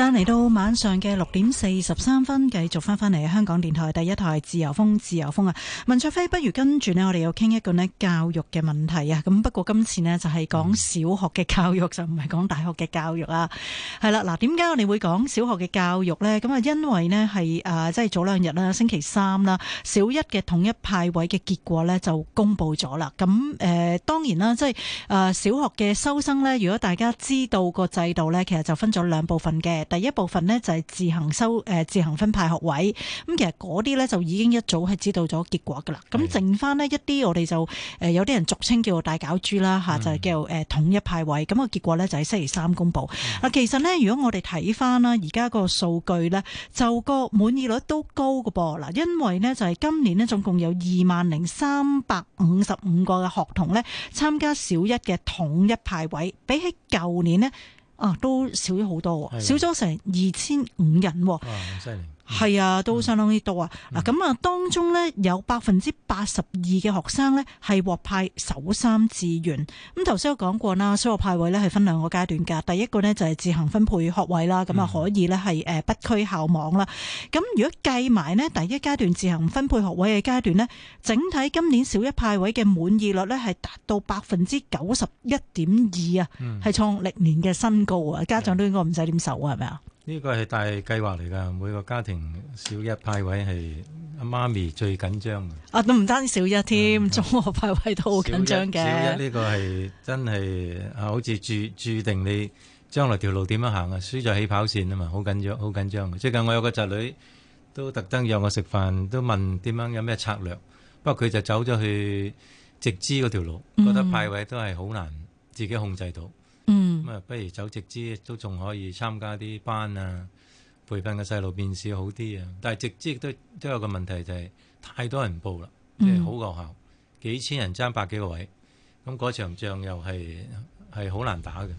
嚟到晚上嘅六點四十三分，繼續返返嚟香港電台第一台自由風，自由風啊！文卓飛，不如跟住呢。我哋要傾一個呢教育嘅問題啊！咁不過今次呢，就係、是、講小學嘅教育，就唔係講大學嘅教育啊！係啦，嗱，點解我哋會講小學嘅教育呢？咁啊，因為呢係啊、呃，即係早兩日啦，星期三啦，小一嘅統一派位嘅結果呢就公布咗啦。咁誒、呃，當然啦，即係啊、呃，小學嘅收生呢，如果大家知道個制度呢，其實就分咗兩部分嘅。第一部分呢，就係自行收誒自行分派學位，咁其實嗰啲呢，就已經一早係知道咗結果噶啦。咁的剩翻呢一啲，我哋就誒有啲人俗稱叫做大攪珠啦嚇，就係、嗯、叫誒統一派位。咁個結果呢，就係星期三公布。嗱，其實呢，如果我哋睇翻啦，而家個數據呢，就個滿意率都高噶噃。嗱，因為呢，就係、是、今年呢，總共有二萬零三百五十五個嘅學童呢，參加小一嘅統一派位，比起舊年呢，啊，都少咗好多，少咗成二千五人喎。哇，犀利！係啊，都相當之多啊！嗱、嗯、咁啊，當中呢，有百分之八十二嘅學生呢係獲派首三志願。咁頭先都講過啦，小學派位呢係分兩個階段㗎。第一個呢就係自行分配學位啦，咁啊、嗯、可以呢係誒不拘校網啦。咁如果計埋呢第一階段自行分配學位嘅階段呢，整體今年小一派位嘅滿意率呢係達到百分之九十一點二啊，係、嗯、創歷年嘅新高啊！家長都應該唔使點愁啊，係咪啊？呢個係大計劃嚟㗎，每個家庭小一派位係阿媽咪最緊張啊，都唔單小一添，嗯、中學派位都好緊張嘅。小一呢個係真係啊，好似註註定你將來條路點樣行啊，輸在起跑線啊嘛，好緊張，好緊張嘅。最近我有個侄女都特登約我食飯，都問點樣有咩策略。不過佢就走咗去直資嗰條路，覺得派位都係好難自己控制到。嗯嗯，咁啊，不如走直資都仲可以參加啲班啊，培訓嘅細路面試好啲啊。但係直資都都有個問題就係太多人報啦，即係好學校、嗯、幾千人爭百幾個位，咁嗰場仗又係係好難打嘅。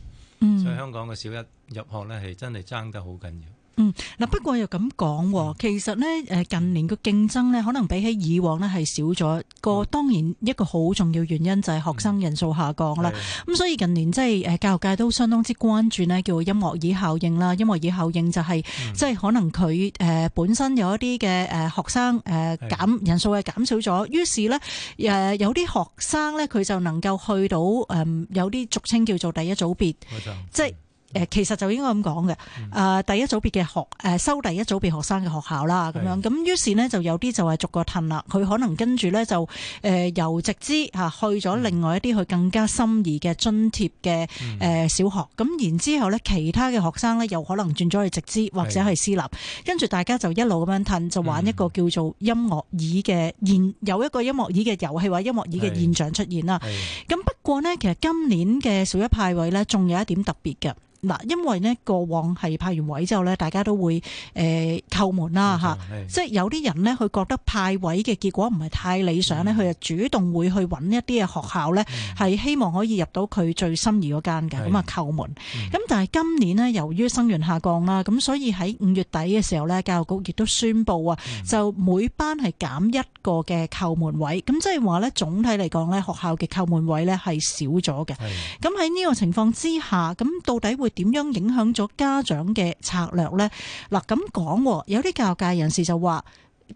嗯、所以香港嘅小一入學咧係真係爭得好緊要。嗯，嗱，不過又咁講，其實呢誒近年個競爭呢，可能比起以往呢係少咗個。當然一個好重要原因就係學生人數下降啦。咁、嗯、所以近年即係誒教育界都相當之關注呢，叫音樂椅效應啦。音樂椅效應就係即係可能佢誒本身有一啲嘅誒學生誒減人數係減少咗，是的於是呢，誒有啲學生呢，佢就能夠去到誒有啲俗稱叫做第一組別，即係錯。即係誒其實就應該咁講嘅。誒第一組別嘅學誒收第一組別學生嘅學校啦，咁樣咁於是呢，就有啲就係逐個褪啦，佢可能跟住呢，就誒由直資嚇去咗另外一啲佢更加心儀嘅津貼嘅誒小學，咁然之後呢，其他嘅學生呢，又可能轉咗去直資或者係私立，跟住大家就一路咁樣褪，就玩一個叫做音樂椅嘅現有一個音樂椅嘅遊戲或者音樂椅嘅現象出現啦，咁過呢，其實今年嘅小一派位呢，仲有一點特別嘅嗱，因為呢，過往係派完位之後呢，大家都會誒、呃、叩門啦嚇，mm hmm. 即係有啲人呢，佢覺得派位嘅結果唔係太理想呢，佢、mm hmm. 就主動會去揾一啲嘅學校呢，係希望可以入到佢最心儀嗰間嘅，咁啊、mm hmm. 叩門。咁、mm hmm. 但係今年呢，由於生源下降啦，咁所以喺五月底嘅時候呢，教育局亦都宣布啊，就每班係減一個嘅叩門位，咁、mm hmm. 即係話呢，總體嚟講呢，學校嘅叩門位呢，係少咗嘅，咁喺呢個情況之下，咁到底會點樣影響咗家長嘅策略呢？嗱，咁講，有啲教育界人士就話。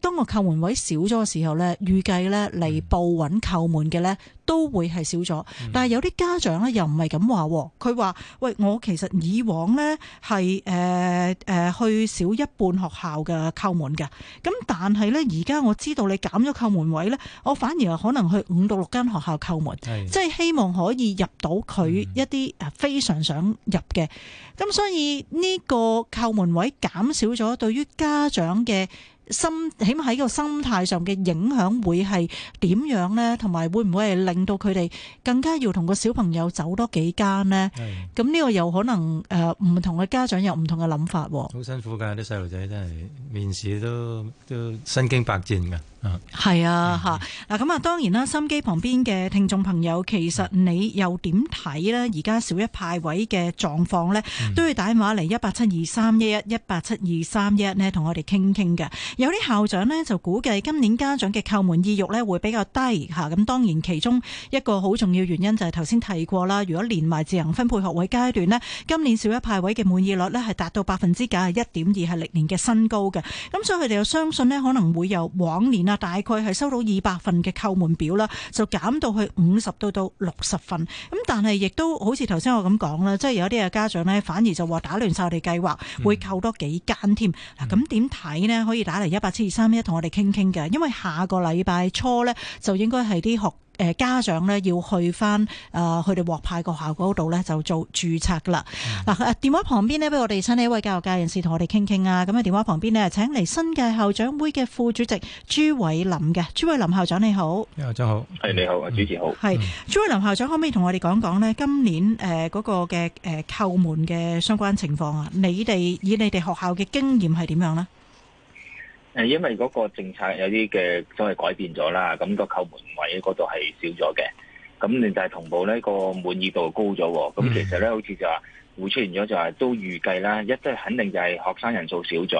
當個叩門位少咗嘅時候咧，預計咧嚟報揾叩門嘅咧都會係少咗。但係有啲家長咧又唔係咁話，佢話：喂，我其實以往咧係誒誒去少一半學校嘅叩門㗎。咁但係咧，而家我知道你減咗叩門位咧，我反而係可能去五到六間學校叩門，是的 即係希望可以入到佢一啲誒非常想入嘅。咁的所以呢個叩門位減少咗，對於家長嘅。心起碼喺個心態上嘅影響會係點樣呢？同埋會唔會係令到佢哋更加要同個小朋友走多幾間呢？咁呢的個又可能誒、呃、唔同嘅家長有唔同嘅諗法。好辛苦㗎，啲細路仔真係面試都都身經百戰㗎。係啊，吓嗱，咁 啊，當然啦，心機旁邊嘅聽眾朋友，其實你又點睇呢？而家小一派位嘅狀況呢，都要打電話嚟一八七二三一一一八七二三一一呢，同我哋傾傾嘅。有啲校長呢，就估計今年家長嘅叩門意欲呢會比較低嚇。咁當然其中一個好重要原因就係頭先提過啦。如果連埋自行分配學位階段呢，今年小一派位嘅滿意率呢係達到百分之九十一點二，係歷年嘅新高嘅。咁所以佢哋又相信呢，可能會有往年啦。大概係收到二百份嘅扣門表啦，就減到去五十到到六十份。咁但係亦都好似頭先我咁講啦，即係有啲嘅家長呢，反而就話打亂晒我哋計劃，會扣多幾間添。嗱、嗯，咁點睇呢？可以打嚟一八七二三一，同我哋傾傾嘅。因為下個禮拜初呢，就應該係啲學。誒，家長咧要去翻，誒佢哋獲派個校嗰度咧就做註冊啦。嗱、 啊，電話旁邊呢，俾我哋請呢一位教育界人士同我哋傾傾啊。咁喺電話旁邊呢，請嚟新界校長會嘅副主席朱偉林嘅。朱偉林校長你好，張 's、well. 好，係你好，主持好。係，朱偉林校長可唔可以同我哋講講呢？今年誒嗰、那個嘅誒叩門嘅相關情況啊？你哋以你哋學校嘅經驗係點樣呢？誒，因為嗰個政策有啲嘅都係改變咗啦，咁個叩門位嗰度係少咗嘅，咁另外就係同步呢、嗰個滿意度高咗喎，咁其實咧好似就話會出現咗就係都預計啦，一即係肯定就係學生人數少咗，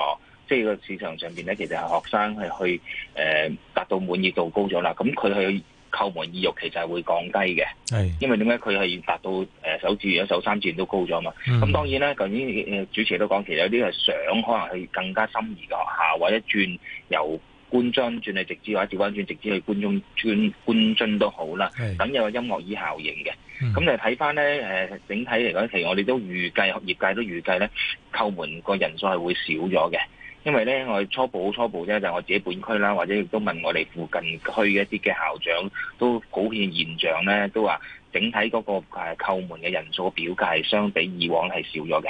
即係個市場上邊咧其實係學生係去誒、呃、達到滿意度高咗啦，咁佢去。叩門意欲其實係會降低嘅，是因為點解佢係達到誒首二志願、首、呃、三志願都高咗嘛。咁、嗯、當然咧，頭先主持都講，其實有啲係想可能去更加心儀嘅學校，或者轉由官津轉去直資，或者轉翻轉直資去官中轉官津都好啦。咁是有音樂椅效應嘅，咁你睇翻咧誒整體嚟講，其實我哋都預計業界都預計咧叩門個人數係會少咗嘅。因為咧，我初步初步啫，就我自己本區啦，或者亦都問我哋附近區嘅一啲嘅校長，都普遍現象咧，都話整體嗰、嗰個叩、啊、叩門嘅人數表價係相比以往係少咗嘅，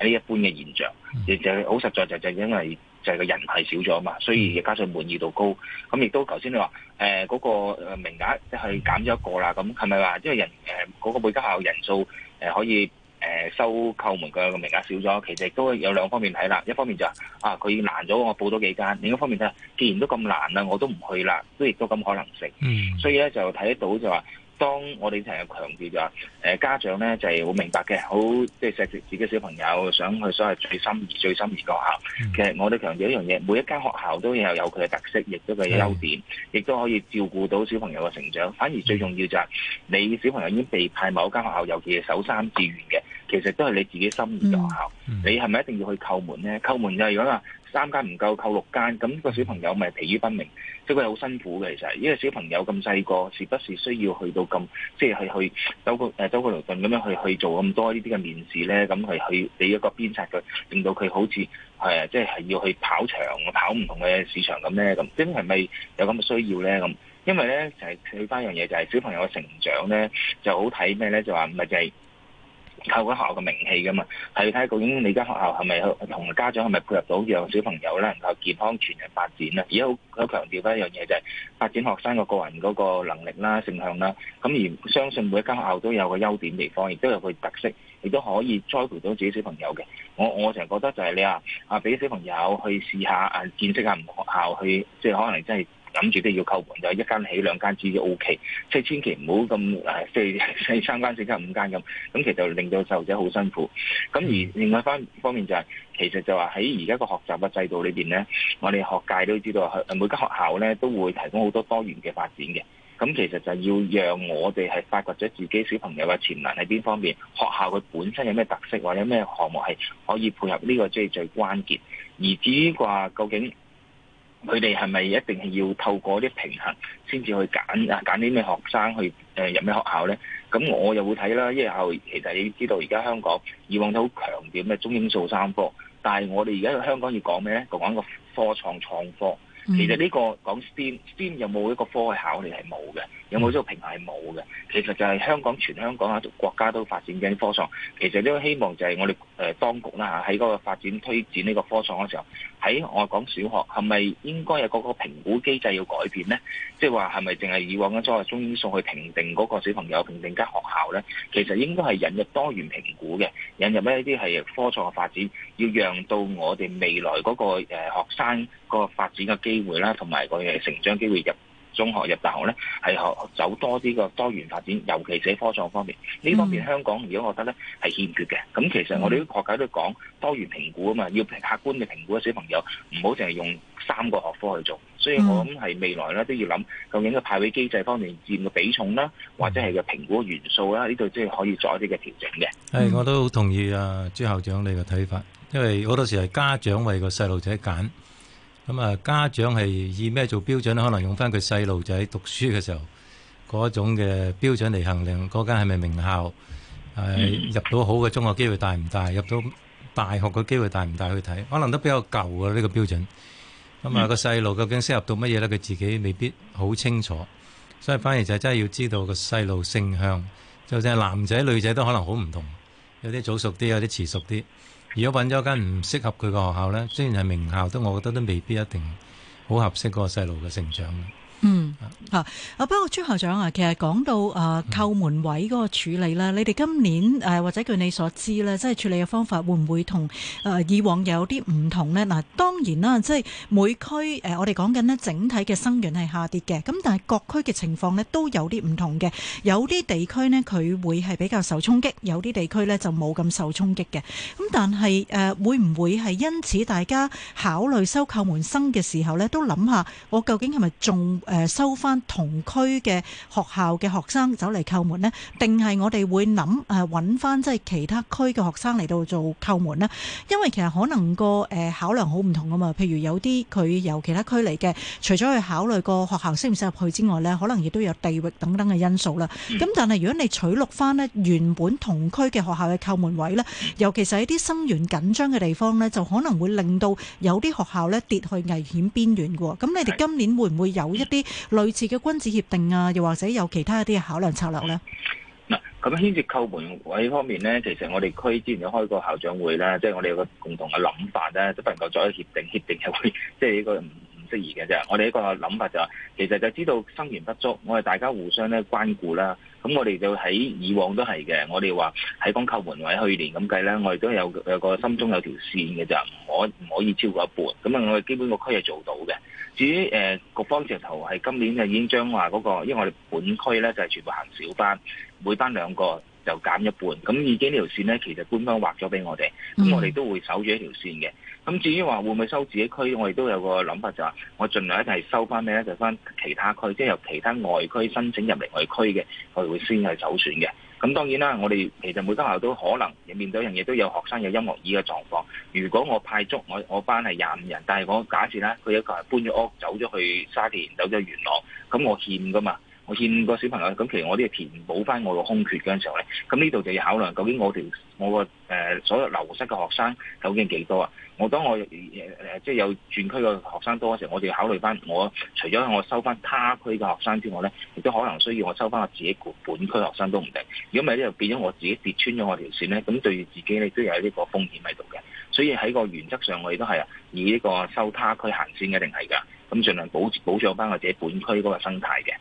喺呢一般嘅現象，亦、mm hmm. 就好、係、實在就就因為就係個人係少咗嘛，所以加上滿意度高，咁亦都頭先你話誒嗰個名額即係減咗一個啦，咁係咪話即係人誒嗰、呃嗰個每間校人數誒、呃、可以？誒收叩門嘅名額少咗，其實都有兩方面睇啦。一方面就係、是、啊，佢難咗，我報多幾間；另一方面就係、是，既然都咁難啦，我都唔去啦，都亦都咁可能性。嗯，所以咧就睇得到就係、是，當我哋成日強調就係誒家長咧就係好明白嘅，好即係錫住自己小朋友想去所謂最心儀、最心儀嘅學校。嗯、其實我哋強調一樣嘢，每一間學校都有有佢嘅特色，亦都有佢嘅優點，亦、嗯、都可以照顧到小朋友嘅成長。反而最重要就係、是、你小朋友已經被派某間學校，尤其係首三志願嘅。其實都係你自己心儀嘅學校，嗯嗯、你係咪一定要去叩門咧？叩門就係、是、如果話三間唔夠叩六間，咁、那個小朋友咪疲於奔命，即係佢好辛苦嘅。其實，因為小朋友咁細個，時不時需要去到咁，即係係去周個誒周個勞頓咁樣去去，去，去做咁多呢啲嘅面試咧？咁係去俾一個鞭策佢，令到佢好似係即係要去跑場、跑唔同嘅市場咁咧？咁，即係咪有咁嘅需要咧？咁，因為咧就係佢翻一樣嘢，就係、是就是、小朋友嘅成長咧就好睇咩咧？就話唔係就係、是。靠緊學校嘅名氣噶嘛，睇睇究竟你間學校係咪同家長係咪配合到，讓小朋友咧能夠健康全人發展咧？而家好強調咧一樣嘢就係發展學生個個人嗰個能力啦、性向啦，咁而相信每一間學校都有個優點地方，亦都有佢特色，亦都可以栽培到自己小朋友嘅。我我成日覺得就係你啊，啊俾小朋友去試下啊，見識下唔同學校去，即係可能真係。諗住都要叩門，就一間起兩間止 O K，即係千祈唔好咁誒，即、啊、係三間四間,四間五間咁，咁其實令到細路仔好辛苦。咁而另外一方面就係、是，其實就話喺而家個學習嘅制度裏邊咧，我哋學界都知道，每間學校咧都會提供好多多元嘅發展嘅。咁其實就要讓我哋係發掘咗自己小朋友嘅潛能喺邊方面，學校佢本身有咩特色，或者咩項目係可以配合呢個即係最關鍵。而至於話究竟？佢哋係咪一定係要透過啲平衡先至去揀啊揀啲咩學生去誒、呃、入咩學校咧？咁我又會睇啦，因為後其實你知道，而家香港以往都好強調咩中英數三科，但係我哋而家香港要講咩咧？就講一個科創創科，其實呢、呢個講 STEM STEM 有冇一個科考你係冇嘅。嗯、有冇呢個平台係冇嘅？其實就係香港全香港啊，國家都發展緊科創。其實都希望就係我哋誒當局啦嚇，喺嗰個發展推展呢個科創嘅時候，喺外港小學係咪應該有嗰個評估機制要改變咧？即係話係咪淨係以往嘅所謂中英數去評定嗰個小朋友、評定間學校咧？其實應該係引入多元評估嘅，引入一啲係科創嘅發展，要讓到我哋未來嗰個誒學生個發展嘅機會啦，同埋個成長機會入。中學入大學咧，係學走多啲個多元發展，尤其寫科創方面。呢方面香港如果我覺得咧係欠缺嘅，咁其實我哋啲學界都講多元評估啊嘛，要客觀嘅評估小朋友，唔好淨係用三個學科去做。所以我諗係未來咧都要諗究竟個派位機制方面佔嘅比重啦，或者係個評估元素啦，呢度即係可以做一啲嘅調整嘅。係，我都好同意啊，朱校長你嘅睇法，因為好多時係家長為個細路仔揀。咁啊，家長係以咩做標準咧？可能用翻佢細路仔讀書嘅時候嗰種嘅標準嚟衡量嗰間係咪名校，誒、啊、入到好嘅中學機會大唔大，入到大學嘅機會大唔大去睇。可能都比較舊嘅呢個標準。咁啊，個細路究竟適合到乜嘢呢？佢自己未必好清楚，所以反而就真係要知道個細路性向，就算係男仔女仔都可能好唔同，有啲早熟啲，有啲遲熟啲。如果揾咗間唔適合佢嘅學校呢，雖然係名校，但我覺得都未必一定好合適嗰個細路嘅成長。嗯吓啊，不過朱校長啊，其實講到誒、呃、叩門位嗰個處理啦。你哋今年誒、呃、或者據你所知咧，即係處理嘅方法會唔會同誒、呃、以往有啲唔同呢？嗱，當然啦，即係每區誒、呃、我哋講緊呢整體嘅生源係下跌嘅，咁但係各區嘅情況呢，都有啲唔同嘅，有啲地區呢，佢會係比較受衝擊，有啲地區呢，就冇咁受衝擊嘅。咁但係誒、呃、會唔會係因此大家考慮收叩門生嘅時候呢，都諗下我究竟係咪仲？誒，收翻同區嘅學校嘅學生走嚟叩門呢，定係我哋會諗誒，揾翻即係其他區嘅學生嚟到做叩門呢？因為其實可能個誒考量好唔同噶嘛，譬如有啲佢由其他區嚟嘅，除咗去考慮個學校適唔適合去之外呢，可能亦都有地域等等嘅因素啦。咁、嗯、但係如果你取錄翻呢，原本同區嘅學校嘅叩門位呢，尤其是喺啲生源緊張嘅地方呢，就可能會令到有啲學校呢，跌去危險邊緣噶。咁你哋今年會唔會有一？啲類似嘅君子協定啊，又或者有其他一啲嘅考量策略咧？嗱、嗯，咁牽涉叩門位方面咧，其實我哋區之前有開過校長會啦，即係我哋有個共同嘅諗法咧，都不能夠作一協定，協定又會即係呢個唔唔適宜嘅啫。我哋一個諗法就話、係，其實就知道生源不足，我哋大家互相咧關顧啦。咁我哋就喺以往都係嘅，我哋話喺講叩門位去年咁計咧，我哋都有有個心中有條線嘅就唔可唔可以超過一半。咁啊，我哋基本個區係做到嘅。至於誒、呃，局方直頭係今年啊，已經將話嗰、那個，因為我哋本區咧就係、是、全部行小班，每班兩個。就減一半，咁已經呢條線呢，其實官方畫咗俾我哋，咁我哋都會守住一條線嘅。咁至於話會唔會收自己區，我哋都有個諗法，就話我儘量一係收翻咩呢？就翻其他區，即係由其他外區申請入嚟外區嘅，我哋會先係走選嘅。咁當然啦，我哋其實每間校都可能面對一樣嘢，都有學生有音樂椅嘅狀況。如果我派足我我班係廿五人，但係我假設呢佢一個人搬咗屋走咗去沙田，走咗元朗，咁我欠㗎嘛。我欠個小朋友咁，其實我都要填補翻我個空缺嘅時候咧，咁呢度就要考慮究竟我條我個誒、呃、所有流失嘅學生究竟幾多啊？我當我、呃、即係有轉區嘅學生多嘅時候，我就要考慮翻我除咗我收翻他區嘅學生之外咧，亦都可能需要我收翻我自己本區學生都唔定。如果唔係呢度變咗我自己跌穿咗我條線咧，咁對自己咧都有呢個風險喺度嘅。所以喺個原則上，我哋都係以呢個收他區先行先嘅，一定係噶。咁，儘量保保障翻我自己本區嗰個生態嘅。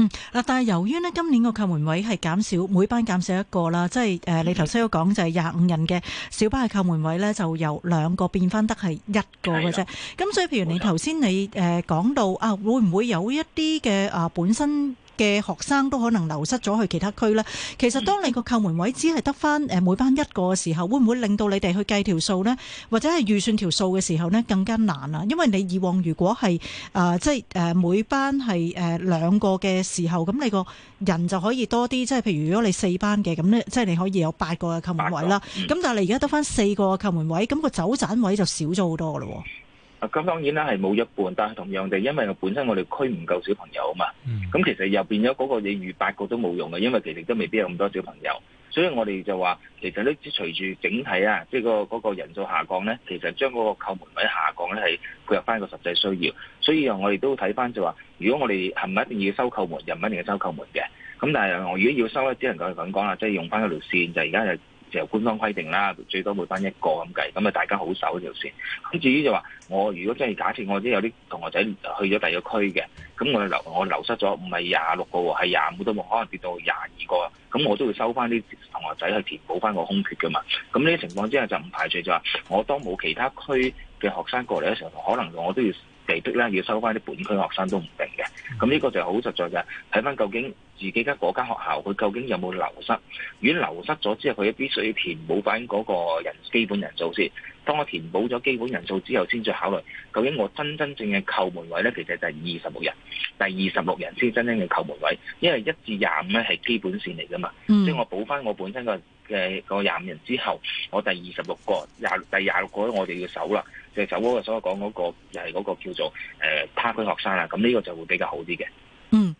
嗯，嗱，但係由於咧今年個叩門位係減少，每班減少一個啦，即係誒，呃嗯、你頭先都講就係廿五人嘅小班嘅叩門位咧，就由兩個變翻得係一個嘅啫。咁的所以，譬如你頭先你誒講到像啊，會唔會有一啲嘅啊本身？嘅學生都可能流失咗去其他區咧。其實當你個叩門位只係得返誒每班一個嘅時候，會唔會令到你哋去計條數咧，或者係預算條數嘅時候咧更加難啊？因為你以往如果係誒即係誒每班係誒兩個嘅時候，咁你個人就可以多啲。即係譬如如果你四班嘅，咁咧即係你可以有八個嘅叩門位啦。咁但係你而家得返四個嘅叩門位，咁個走盞位就少咗好多咯喎。咁當然啦，係冇一半，但係同樣就因為本身我哋區唔夠小朋友啊嘛，咁、嗯、其實又變咗嗰個嘢預八個都冇用嘅，因為其實都未必有咁多小朋友，所以我哋就話其實呢，隨住整體啊，即係個嗰個人數下降咧，其實將嗰個叩門位下降咧係配合翻個實際需要，所以我哋都睇翻就話，如果我哋係唔一定要收叩門，又唔一定要收叩門嘅，咁但係我如果要收咧，只能夠係咁講啦，即、就、係、是、用翻嗰條線，就而、是、家就是。就官方規定啦，最多每班一個咁計，咁咪大家好守呢條線。咁至於就話，我如果真係假設我啲有啲同學仔去咗第二個區嘅，咁我流我流失咗唔係廿六個喎，係廿五都冇可能跌到廿二個，咁我都會收翻啲同學仔去填補翻個空缺㗎嘛。咁呢啲情況之下就唔排除就話，我當冇其他區嘅學生過嚟嘅時候，可能我都要，被逼咧要收翻啲本區學生都唔定嘅，咁、嗯、呢個就好實在嘅。睇翻究竟自己家嗰間學校，佢究竟有冇流失？如果流失咗之後，佢必須要填補翻嗰個人基本人數先。當我填補咗基本人數之後，先再考慮究竟我真真正正嘅扣門位咧，其實就係二十六人，但二十六人先真正嘅扣門位，因為一至廿五咧係基本線嚟噶嘛，即、嗯、以我補翻我本身個。嘅嗰廿五人之後，我第二十六個廿第廿六個我哋要走啦，就走嗰個所謂講嗰個，又係嗰個叫做誒他區學生啦。咁呢個就會比較好啲嘅。嗯。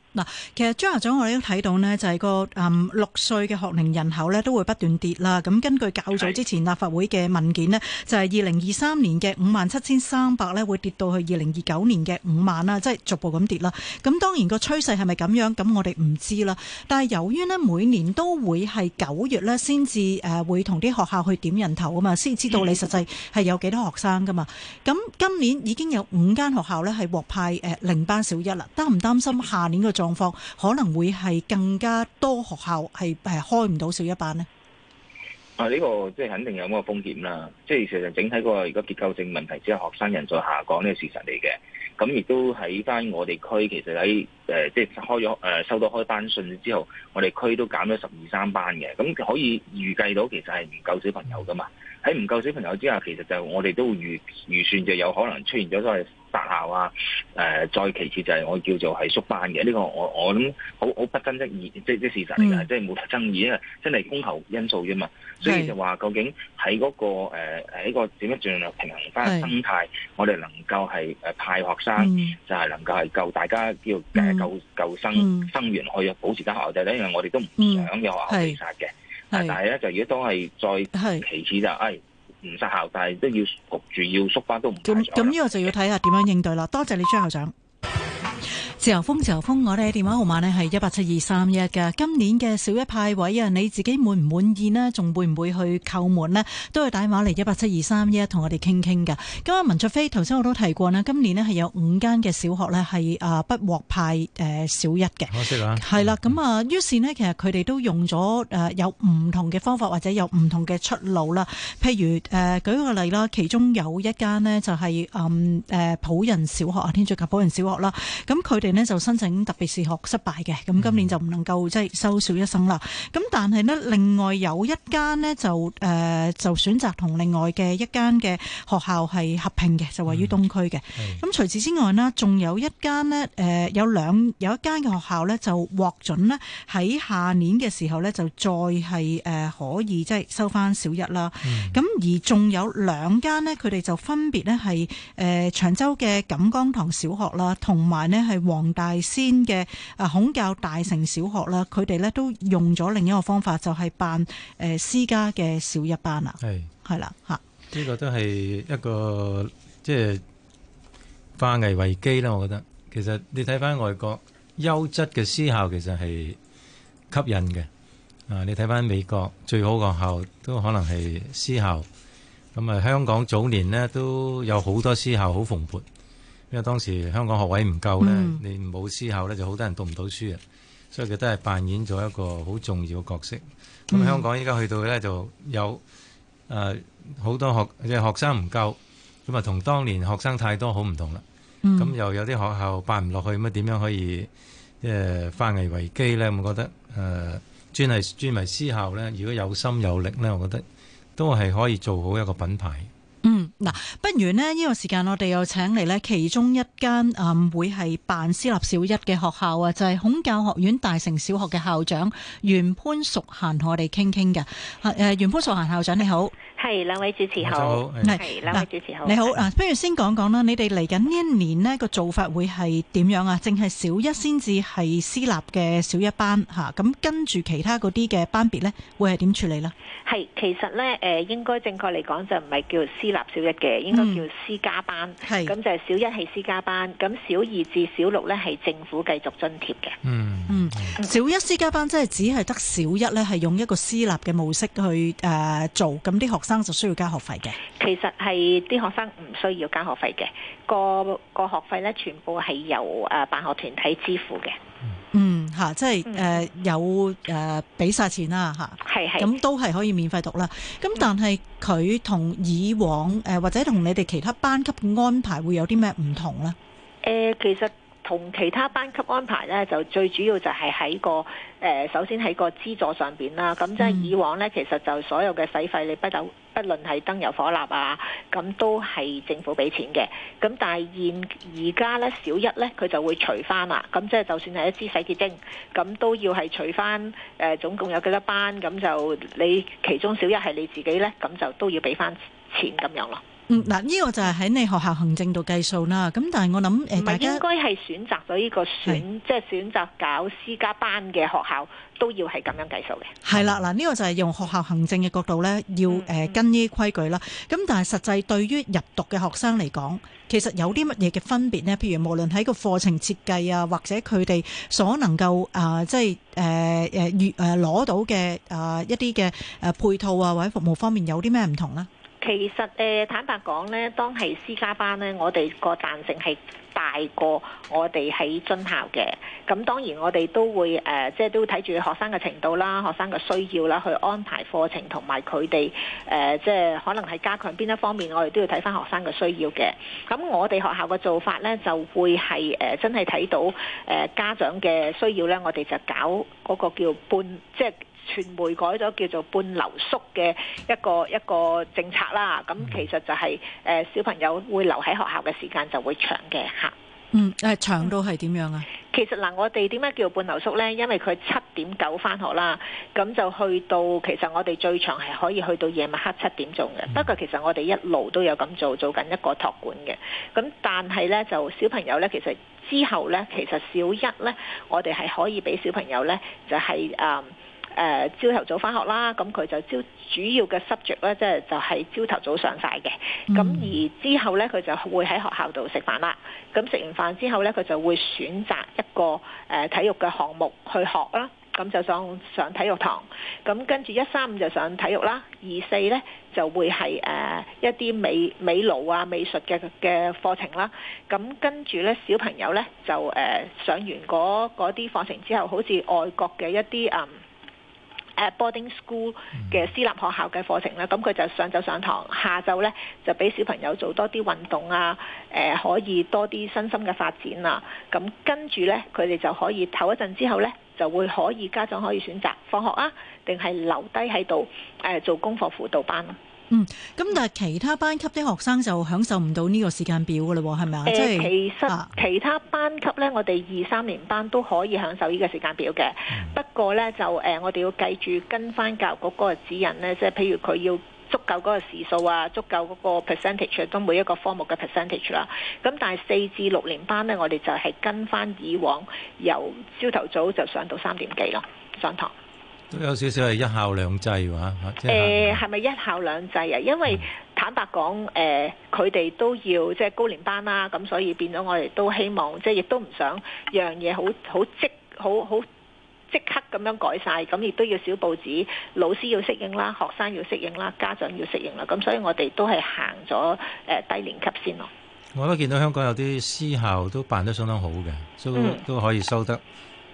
其實張校長，我哋都睇到呢，就係、是個誒六嗯歲嘅學齡人口呢，都會不斷跌啦。咁根據較早之前立法會嘅文件呢，就係二零二三年嘅五萬七千三百呢，會跌到去二零二九年嘅五萬啦，即係逐步咁跌啦。咁當然個趨勢係咪咁樣？咁我哋唔知啦。但係由於呢，每年都會係九月呢先至誒會同啲學校去點人頭啊嘛，先知道你實際係有幾多學生噶嘛。咁今年已經有五間學校呢，係獲派誒零班小一啦，擔唔擔心下年個狀況可能會係更加多學校係誒開唔到小一班呢？啊，呢個即係肯定有嗰個風險啦。即係其實整體個如果結構性問題之後，學生人數下降呢個事實嚟嘅。咁亦都喺翻我哋區，其實喺。誒即係開咗誒收到開班信之後，我哋區都減咗十二三班嘅，咁可以預計到其實係唔夠小朋友㗎嘛？喺唔夠小朋友之下，其實就我哋都預預算就有可能出現咗所謂達校啊、呃，誒再其次就係我叫做係縮班嘅。呢個我我諗好好不、嗯、爭議，即係即係事實嚟㗎，即係冇得爭議啊！真係供求因素啫嘛，所以就話究竟喺嗰個誒、呃、喺個點樣盡量平衡返生態，我哋能夠係誒派學生、嗯、就係能夠係夠大家叫誒。嗯救救生生員去保持間學校就咧，嗯、因為我哋都唔想有學校被殺嘅，是但係咧，就如果都係再其次就，哎，唔殺校，但係都要焗住要縮翻都唔理想。咁呢個就要睇下點樣應對啦。多謝你張校長。自由風，自由風，我哋嘅電話號碼呢係一八七二三一嘅。今年嘅小一派位啊，你自己滿唔滿意呢？仲會唔會去叩門呢？都可以打電話嚟一八七二三一，同我哋傾傾嘅。咁啊，文卓飛，頭先我都提過啦，今年呢係有五間嘅小學呢係啊不獲派誒小一嘅。好識啦。係啦，咁啊，於是呢，其實佢哋都用咗誒有唔同嘅方法或者有唔同嘅出路啦。譬如誒、呃、舉一個例啦，其中有一間呢就係誒誒普仁小學啊，天主教普仁小學啦。咁佢哋。咧就申請特別視學失敗嘅，咁今年就唔能夠、嗯、即係收小一生啦。咁但係咧，另外有一間咧就誒、呃、就選擇同另外嘅一間嘅學校係合併嘅，就位於東區嘅。咁、嗯、除此之外啦，仲有一間咧誒有兩有一間嘅學校咧就獲准咧喺下年嘅時候咧就再係誒、呃、可以即係收翻小一啦。咁、嗯、而仲有兩間咧，佢哋就分別咧係誒長洲嘅錦江堂小學啦，同埋咧係黃黃大仙嘅啊孔教大成小學啦，佢哋咧都用咗另一個方法，就係辦誒私家嘅小一班啊，係係啦吓，呢個都係一個即係化危為機啦。我覺得其實你睇翻外國優質嘅私校，其實係吸引嘅啊。你睇翻美國最好嘅學校都可能係私校，咁啊香港早年咧都有好多私校好蓬勃。因為當時香港學位唔夠咧，嗯、你冇私校咧，就好多人讀唔到書啊，所以佢都係扮演咗一個好重要嘅角色。咁、嗯、香港依家去到咧，就有誒好、呃、多學即係學生唔夠，咁啊同當年學生太多好唔同啦。咁、嗯、又有啲學校辦唔落去，咁啊點樣可以即係化危為機咧？我覺得誒、呃、專係專埋私校咧，如果有心有力咧，我覺得都係可以做好一個品牌。嗱、啊，不如咧呢、這個時間我哋又請嚟咧其中一間誒、嗯、會係辦私立小一嘅學校啊，就係、是、孔教學院大成小學嘅校長袁潘淑嫻同我哋傾傾嘅。誒，袁潘淑嫻、啊呃、校長你好。係兩位主持好，係兩是位主持好，主持好，啊，你好。啊，不如先講講啦，你哋嚟緊呢一年呢個做法會係點樣啊？淨係小一先至係私立嘅小一班，吓、啊、咁跟住其他嗰啲嘅班別咧，會係點處理呢？係，其實咧誒、呃，應該正確嚟講就唔係叫私立小一嘅，應該叫私家班。係，嗯，咁就係小一係私家班，咁小二至小六咧係政府繼續津貼嘅。嗯嗯，嗯嗯，小一私家班即係只係得小一咧係用一個私立嘅模式去誒做，咁、呃、啲、呃、學。生就需要交學費嘅，其實係啲學生唔需要交學費嘅，嗰個、嗰個學費咧全部係由誒、啊、辦學團體支付嘅。嗯，吓、啊，即係誒、嗯呃、有誒俾晒錢啦，吓、呃，係係，咁、啊、係都係可以免費讀啦。咁但係佢同以往誒、呃、或者同你哋其他班級嘅安排會有啲咩唔同咧？誒、呃，其實。同其他班級安排咧，就最主要就係喺個誒、呃，首先喺個資助上邊啦。咁即係以往咧，其實就所有嘅使費你不走，不論係燈油火蠟啊，咁都係政府俾錢嘅。咁但係現而家咧，小一咧佢就會除翻啦。咁即係就算係一支洗潔精，咁都要係除翻誒、呃，總共有幾多班？咁就你其中小一係你自己咧，咁就都要俾翻錢咁樣咯。嗯，嗱，呢個就係喺你學校行政度計數啦。咁但係我諗，誒，唔係應該係選擇咗呢個選，即係選擇搞私家班嘅學校，都要係咁樣計數嘅。係啦，嗱，呢個就係用學校行政嘅角度咧，要誒跟呢規矩啦。咁但係實際對於入讀嘅學生嚟講，其實有啲乜嘢嘅分別呢？譬如無論喺個課程設計啊，或者佢哋所能夠啊，即係誒誒越誒攞到嘅啊一啲嘅誒配套啊，或者服務方面有啲咩唔同呢？其實誒坦白講咧，當係私家班咧，我哋個彈性係大過我哋喺津校嘅。咁當然我哋都會誒、呃，即係都睇住學生嘅程度啦、學生嘅需要啦，去安排課程同埋佢哋誒，即係可能係加強邊一方面，我哋都要睇翻學生嘅需要嘅。咁我哋學校嘅做法咧，就會係誒、呃、真係睇到誒、呃、家長嘅需要咧，我哋就搞嗰個叫半即係。傳媒改咗叫做半留宿嘅一個一個政策啦，咁其實就係誒小朋友會留喺學校嘅時間就會長嘅嚇。嗯，誒長到係點樣啊？其實嗱，我哋點解叫半留宿咧？因為佢七點九返學啦，咁就去到其實我哋最長係可以去到夜晚黑七點鐘嘅。不過其實我哋一路都有咁做，做緊一個託管嘅。咁但係咧就小朋友咧，其實之後咧，其實小一咧，我哋係可以俾小朋友咧，就係誒。誒朝頭早返學啦，咁佢就朝主要嘅 subject 咧，即係就係朝頭早上晒嘅。咁、mm. 而之後咧，佢就會喺學校度食飯啦。咁食完飯之後咧，佢就會選擇一個誒、呃、體育嘅項目去學啦。咁就上上體育堂。咁跟住一三五就上體育啦，二四咧就會係誒、呃、一啲美美勞啊、美術嘅嘅課程啦。咁跟住咧，小朋友咧就誒、呃、上完嗰啲課程之後，好似外國嘅一啲嗯。boarding school 嘅私立學校嘅課程咧，咁佢就上晝上堂，下晝呢，就俾小朋友做多啲運動啊，誒、呃、可以多啲身心嘅發展啊，咁跟住呢，佢哋就可以唞一陣之後呢，就會可以家長可以選擇放學啊，定係留低喺度誒做功課輔導班啊。嗯，咁但係其他班級啲學生就享受唔到呢個時間表噶啦，係咪啊？誒，其實、啊、其他班級呢，我哋二三年班都可以享受呢個時間表嘅，不過呢，就誒、呃，我哋要計住跟翻教育局嗰個指引呢，即係譬如佢要足夠嗰個時數啊，足夠嗰個 percentage 都每一個科目嘅 percentage 啦。咁但係四至六年班呢，我哋就係跟翻以往，由朝頭早就上到三點幾咯，上堂。都有少少係一校兩制喎嚇，誒係咪一校兩制啊？因為、嗯、坦白講，誒佢哋都要即係高年班啦，咁所以變咗我哋都希望，即係亦都唔想樣嘢好好即好好即刻咁樣改晒。咁亦都要小報紙老師要適應啦，學生要適應啦，家長要適應啦，咁所以我哋都係行咗誒、呃、低年級先咯。我都見到香港有啲私校都辦得相當好嘅，都都可以收得。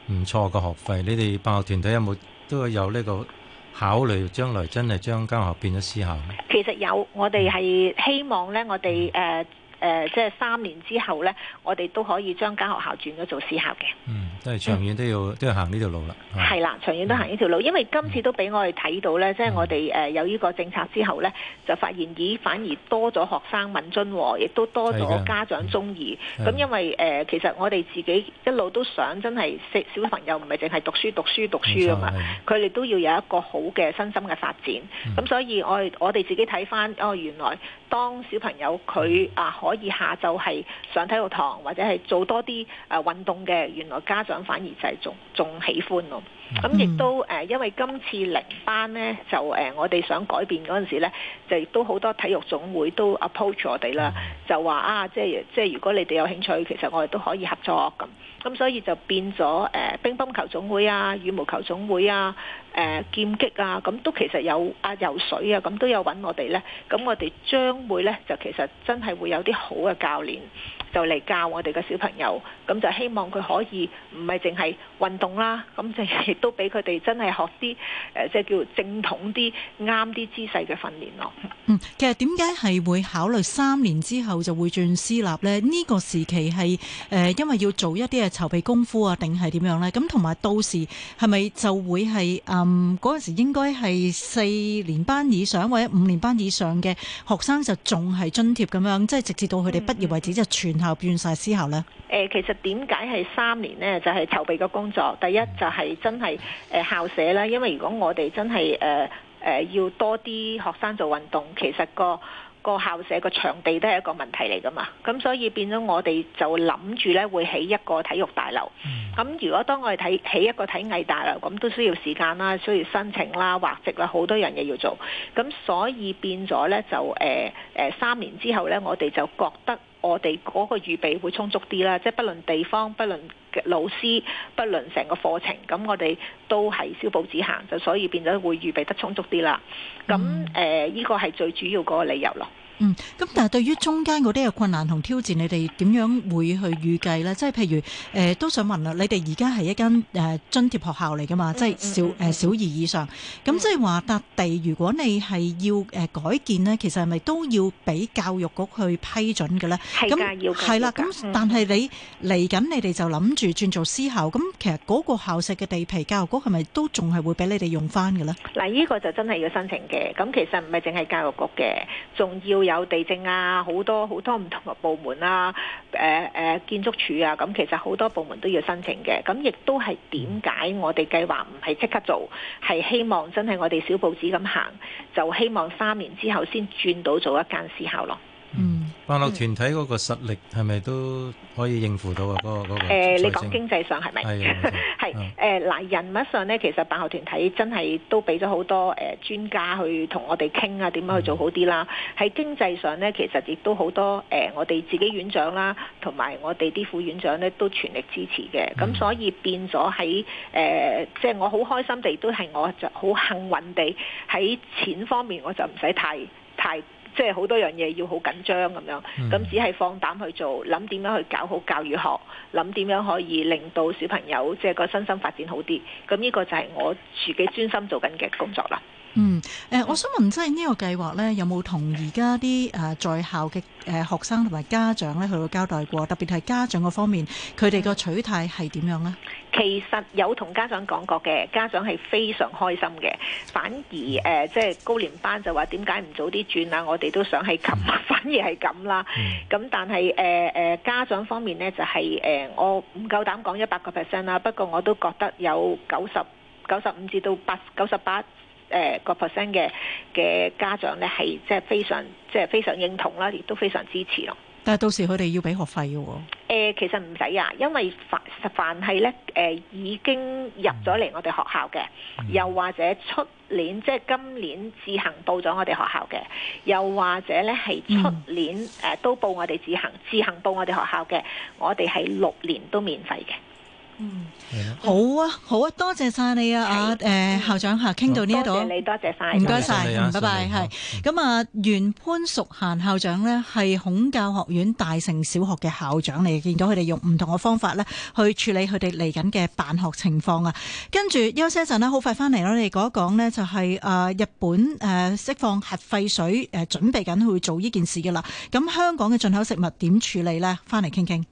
唔錯，個學費，你哋辦學團體有冇都有呢個考慮？將來真係將間學變咗私校咧？其實有，我哋係希望咧，我哋誒。Uh, 誒，即係三年之後呢，我哋都可以將間學校轉咗做私校嘅。嗯，都係長遠都要都要行呢條路啦。係啦，長遠都行呢條路，因為今次都俾我哋睇到呢。即係我哋誒有呢個政策之後呢，就發現咦，反而多咗學生敏銳，亦都多咗家長中意。咁因為誒，其實我哋自己一路都想真係小朋友唔係淨係讀書讀書讀書啊嘛，佢哋都要有一個好嘅身心嘅發展。咁所以我我哋自己睇返哦，原來當小朋友佢啊可。而下晝係上體育堂或者係做多啲誒運動嘅，原來家長反而就係仲仲喜歡咯。咁亦、嗯、都誒、呃，因為今次零班呢，就誒、呃、我哋想改變嗰陣時呢，就亦都好多體育總會都 approach 我哋啦，就話啊，即係即係如果你哋有興趣，其實我哋都可以合作咁。咁、嗯、所以就變咗誒、呃、乒乓球總會啊、羽毛球總會啊、誒劍擊啊，咁都其實有啊游水啊，咁都有揾我哋呢。咁我哋將會呢，就其實真係會有啲好嘅教練。就嚟教我哋嘅小朋友，咁就希望佢可以唔係淨係運動啦，咁就亦都俾佢哋真係學啲，誒即係叫正統啲、啱啲姿勢嘅訓練咯。嗯，其實點解係會考慮三年之後就會轉私立咧？呢個時期係誒，因為要做一啲嘅籌備功夫啊，定係點樣咧？咁同埋到時係咪就會係，嗯嗰陣時應該係四年班以上或者五年班以上嘅學生就仲係津貼咁樣，即係直至到佢哋畢業為止就全。變晒之後呢？誒，其實點解係三年呢？就係、是、籌備嘅工作。第一就係真係誒校舍啦，因為如果我哋真係誒誒要多啲學生做運動，其實個個校舍個場地都係一個問題嚟噶嘛。咁所以變咗我哋就諗住咧會起一個體育大樓。咁、嗯、如果當我哋睇起一個體藝大樓，咁都需要時間啦，需要申請啦，劃籍啦，好多樣嘢要做。咁所以變咗咧就誒誒三年之後咧，我哋就覺得。我哋嗰個預備會充足啲啦，即係不論地方、不論老師、不論成個課程，咁我哋都係小步子行，就所以變咗會預備得充足啲啦。咁誒，依、呃這個係最主要嗰個理由咯。嗯，咁但係對於中間嗰啲嘅困難同挑戰，你哋點樣會去預計咧？即係譬如誒、呃、都想問啦，你哋而家係一間誒、呃、津貼學校嚟噶嘛？嗯、即係小誒小二以上。咁、嗯嗯、即係話笪地，如果你係要誒改建咧，其實係咪都要俾教育局去批准嘅咧？咁係啦。咁、嗯、但係你嚟緊你哋就諗住轉做私校，咁、嗯嗯、其實嗰個校舍嘅地皮，教育局係咪都仲係會俾你哋用翻嘅咧？嗱，呢個就真係要申請嘅。咁其實唔係淨係教育局嘅，仲要。有地政啊，好多好多唔同嘅部門啊，誒、呃、誒、呃，建築署啊，咁其實好多部門都要申請嘅，咁亦都係點解我哋計劃唔係即刻做，係希望真係我哋小步子咁行，就希望三年之後先轉到做一間私校咯。嗯，嗯，辦學團體嗰個實力係咪都可以應付到啊？嗰、那個嗰、那個誒、呃，你講經濟上係咪係？誒嗱，人物上咧，其實辦學團體真係都俾咗好多誒專、呃、家去同我哋傾啊，點樣去做好啲啦。喺經濟上咧，其實亦都好多誒、呃，我哋自己院長啦，同埋我哋啲副院長咧，都全力支持嘅。咁、嗯、所以變咗喺誒，即、呃、係、就是、我好開心地，都係我就好幸運地喺錢方面，我就唔使太太。太即係好多樣嘢要好緊張咁樣，咁只係放膽去做，諗點樣去搞好教育學，諗點樣可以令到小朋友即係個身心發展好啲，咁呢個就係我自己專心做緊嘅工作啦。嗯，誒、呃，我想問，即係呢個計劃呢，有冇同而家啲誒在校嘅誒、呃、學生同埋家長咧，佢哋交代過？特別係家長嗰方面，佢哋個取態係點樣呢？其實有同家長講過嘅，家長係非常開心嘅。反而誒，即、呃、係、就係、高年班就話點解唔早啲轉啊？我哋都想係咁，嗯、反而係咁啦。咁、嗯、但係誒誒，家長方面呢，就係、係、誒、呃，我唔夠膽講一百個 percent 啦。不過我都覺得有九十九十五至到八九十八。誒、呃、個 percent 嘅嘅家長咧，係即係非常即係、就是、非常認同啦，亦都非常支持咯。但係到時佢哋要俾學費嘅喎、哦呃？其實唔使呀，因為凡凡係咧誒已經入咗嚟我哋學校嘅、嗯就是，又或者出年即係今年自行報咗我哋學校嘅，又或者咧係出年誒都報我哋自行自行報我哋學校嘅，我哋係六年都免費嘅。嗯，好啊，好啊，多謝晒你啊，阿、啊、誒校長吓，傾、啊、到呢一度，你，多謝晒，唔該晒，唔該晒，係咁啊。袁、啊啊啊、潘淑嫻校長呢，係孔教學院大成小學嘅校長嚟，見到佢哋用唔同嘅方法咧去處理佢哋嚟緊嘅辦學情況啊。跟住休息一陣咧，好快翻嚟咯。你講一講呢、就是，就係啊日本誒釋、呃、放核廢水誒、呃，準備緊去做呢件事噶啦。咁香港嘅進口食物點處理呢？翻嚟傾傾。